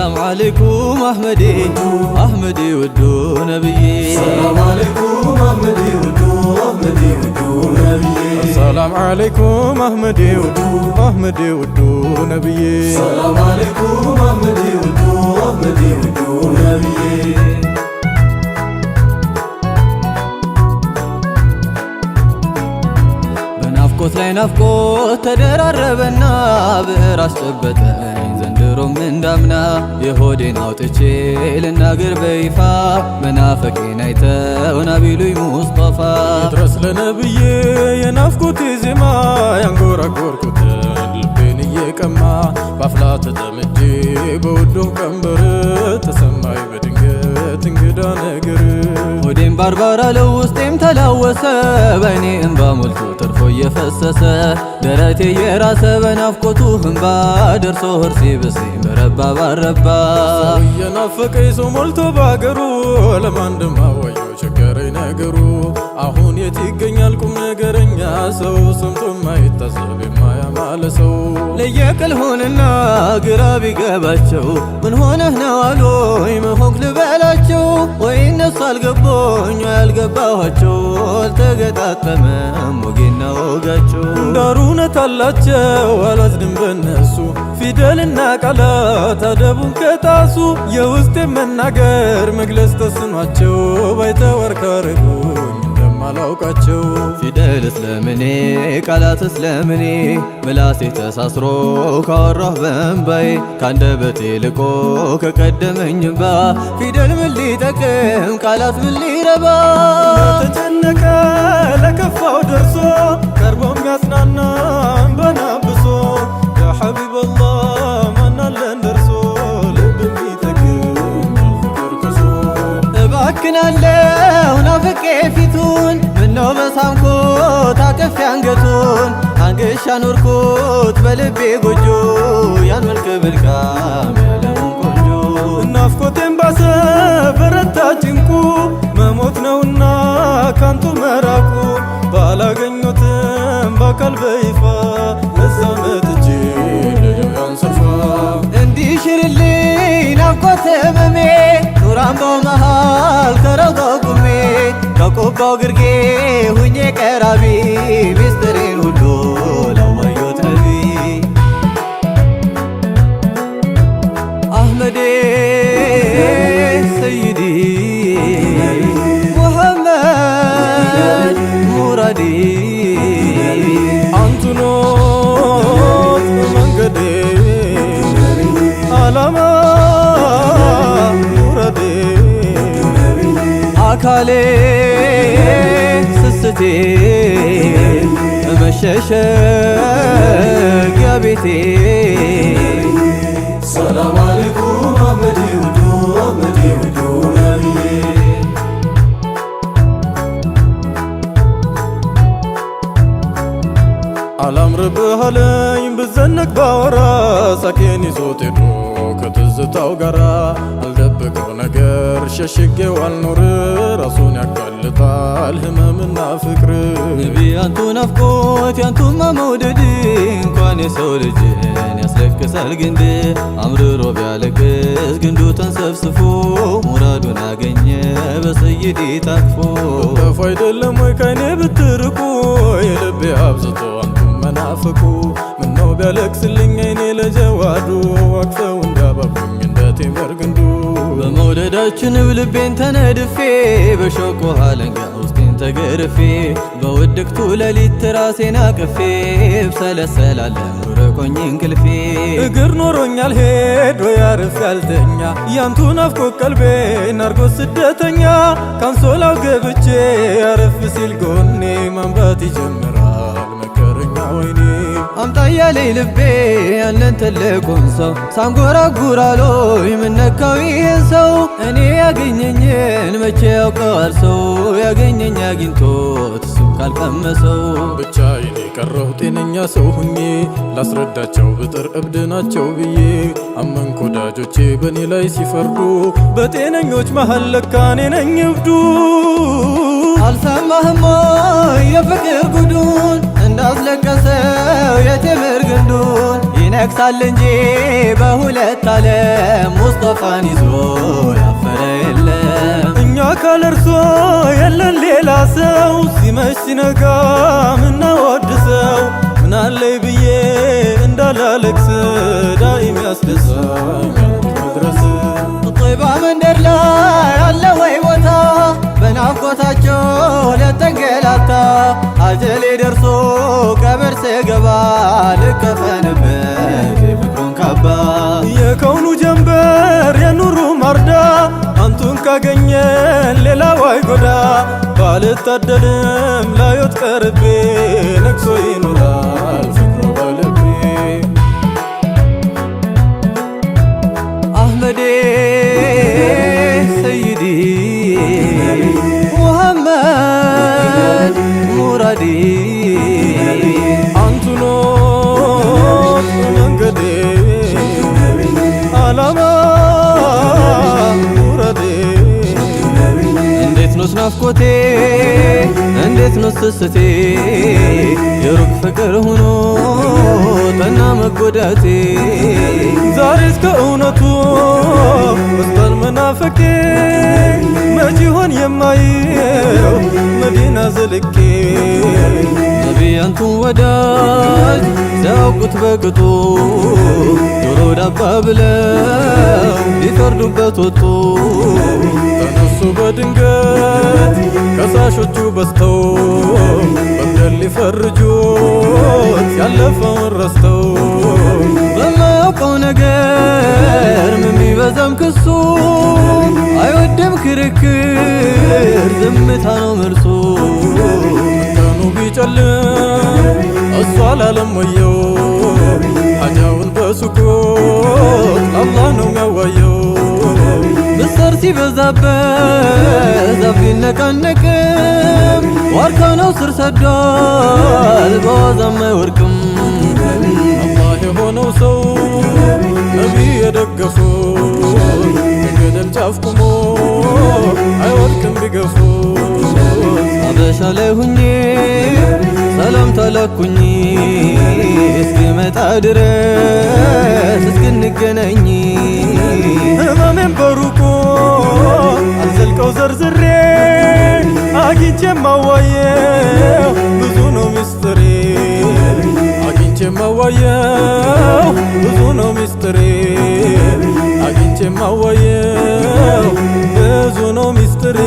ሰላም አለይኩም አህመዴ አህመዴ ውዱ ነብዬ ሰላም አለይኩም አህመዴ ውዱ አህመዴ ውዱ ነብዬ ሰላም አለይኩም አህመዴ ላይ ናፍቆት ተደራረበና ብዕር አስጨበጠኝ ዘንድሮም እንዳምና የሆዴን አውጥቼ ልናገር በይፋ መናፈቄን አይተውና ቢሉኝ ሙስጠፋ ድረስ ለነብዬ የናፍቆቴ ዜማ ያንጎራጎርኩት ልቤን እየቀማ ባፍላ ተጠምጄ በወዶ ቀንበር ተሰማኝ በድንገት እንግዳ ነገር ሆዴን ባርባራ ለውስጤ እየተላወሰ በእኔ እንባ ሞልቶ ተርፎ እየፈሰሰ ደረቴ የራሰ በናፍቆቱ እንባ ደርሶ ህርሴ በሴ በረባ ባረባ የናፈቀኝ ሰው ሞልቶ በአገሩ ለማንድማ ወዮ ቸገረኝ ነገሩ አሁን የት ይገኛል ቁም ነገረኛ ሰው ሰምቶ ማይታሰብ ለሰው ለየቅል ሆንና ግራ ቢገባቸው ምን ሆነህ ነው አሉኝ መሆን ልበላቸው ወይ እነሱ አልገቦኝ ያልገባኋቸው አልተገጣጠመም ወጌና ወጋቸው ዳሩነት አላቸው አላዝንም በነሱ ፊደልና ቃላት አደቡን ከጣሱ የውስጥ መናገር መግለጽ ተስኗቸው ባይተወር አላውቃቸው ፊደል ስለምኔ ቃላት ስለምኔ ምላሴ ተሳስሮ ካወራሁ በእንባዬ ካንደበቴ ልቆ ከቀደመኝ እምባ ፊደል ምን ሊጠቅም ቃላት ምን ሊረባ ተጨነቀ አብርሽ አኖርኩት በልቤ ጎጆ ያን መልክ ብልቃም ያለውን ቆንጆ ናፍቆቴን ባሰ በረታ ጭንቁ መሞት ነውና ካንቱ መራቁ ባላገኙትም በአካል በይፋ ለዛ መጥቼ ልጅን ስፋ እንዲሽርልኝ ናፍቆቴ ህመሜ ኑራምባው መሃል ተረጋጉሜ ከቆባው ግርጌ ሁኜ ቀራቢ ሚስጥሬ عليك سستي مشاشك يا بيتي سلام عليكم أمدي ودو أمدي ودو አላምር ብሃለኝ ብዘነግ ባወራ ሳኬን ይዞት ሄዶ ከትዝታው ጋራ ነገር ሸሽጌው አልኖር ራሱን ያጋልጣል ህመምና ፍቅር ነቢ አንቱ ናፍቆት ያንቱማ መውደድ እንኳን የሰው ልጅን ያስለቅሳል ግንድ አምርሮ ቢያለቅስ ግንዱ ተንሰብስፎ ሙራዱን አገኘ በሰይድ ታቅፎ ጠፉ አይደለም ወይ ከኔ ብትርቁ የልቤ አብዝቶ አንቱ መናፍቁ ምነው ቢያለቅስልኝ አይኔ ለጀዋዱ አቅፈው እንዳበቁኝ እንደ ቴምር በወደዳችን ብልቤን ተነድፌ በሾቆ አለንጋ ውስጤን ተገርፌ በውድቅቱ ሌሊት ራሴን አቅፌ ብሰለሰላለ ርቆኝ እንቅልፌ እግር ኖሮኛል ሄዶ ያርፍ ያልተኛ ያንቱ ናፍቆ ቀልቤ ናርጎ ስደተኛ ካንሶላው ገብቼ ያርፍ ሲል ጎኔ ማንባት ይጀምራል አምጣ ልቤ ያንን ትልቁን ሰው ሳንጎራጉር አሎኝ ምነካው ይህን ሰው እኔ ያገኘኝን መቼ ያውቀዋል ሰው ያገኘኝ አግኝቶ እሱም ካልቀመሰው ብቻዬን የቀረሁ ጤነኛ ሰው ሁኜ ላስረዳቸው ብጥር እብድ ናቸው ብዬ አመንኩ ወዳጆቼ በእኔ ላይ ሲፈርዱ በጤነኞች መሃል ለካ እኔ ነኝ እብዱ። አልሰማህማ የፍቅር ጉዱን እንዳስለቀሰ በክብር ግንዱን ይነግሳል እንጂ በሁለት ዓለም ሙስጠፋን ይዞ ያፈረ የለም። እኛ ካለርሶ የለን ሌላ ሰው ሲመሽ ሲነጋ ምናወድሰው ምናለይ ብዬ እንዳላለቅስ ዳይም ያስደሰው ድረስ ጦይባ መንደር ላይ አለ ወይ ቦታ በናፍቆታቸው ለተንገላታ አጀሌ ደርሶ ልገባ ልከፈንበት የፍቅሩን ካባ የከውኑ ጀንበር የኑሩ ማርዳ አንቱን ካገኘ ሌላ ዋይ ጎዳ ባልታደልም ላዮት ቀርቤ ስስቴ የሩቅ ፍቅር ሆኖ ጠና መጎዳቴ ዛሬ እስከ እውነቱ ወስቷል መናፈቄ መች ይሆን የማየው መዲና ዘልቄ ነቢያንቱ ወዳጅ ሲያውቁት በቅጡ ዶሮ ዳባ ብለው ሊፈርዱበት ወጡ ክሱ በድንገት ከሳሾቹ በዝተው በደል ሊፈርጁት ያለፈውን ረስተው በማያውቀው ነገር የሚበዛም ክሱ አይወድም ክርክር ዝምታ ነው መልሱ። ቀኑ ቢጨልም እሷ አላለም ወየው ሀጃውን በሱኩ ሲበዛበት ዛፍ ቢነቃነቅም ዋርካ ነው ስር ሰዷል በዋዛም አይወርቅም። አላህ የሆነው ሰው ነቢይ የደገፈው የገደል ጫፍ ቁሞ አይወድቅም ቢገፉ አበሻ ላይ ሁኜ ሰላም ተላኩኝ እስኪመጣ ድረስ እስክንገናኝ ህመሜን በሩቅ መዋየው ብዙ ነው ሚስጥሬ አግኝቼ መዋየው ብዙ ነው ሚስጥሬ አግኝቼ መዋየው ብዙ ነው ሚስጥሬ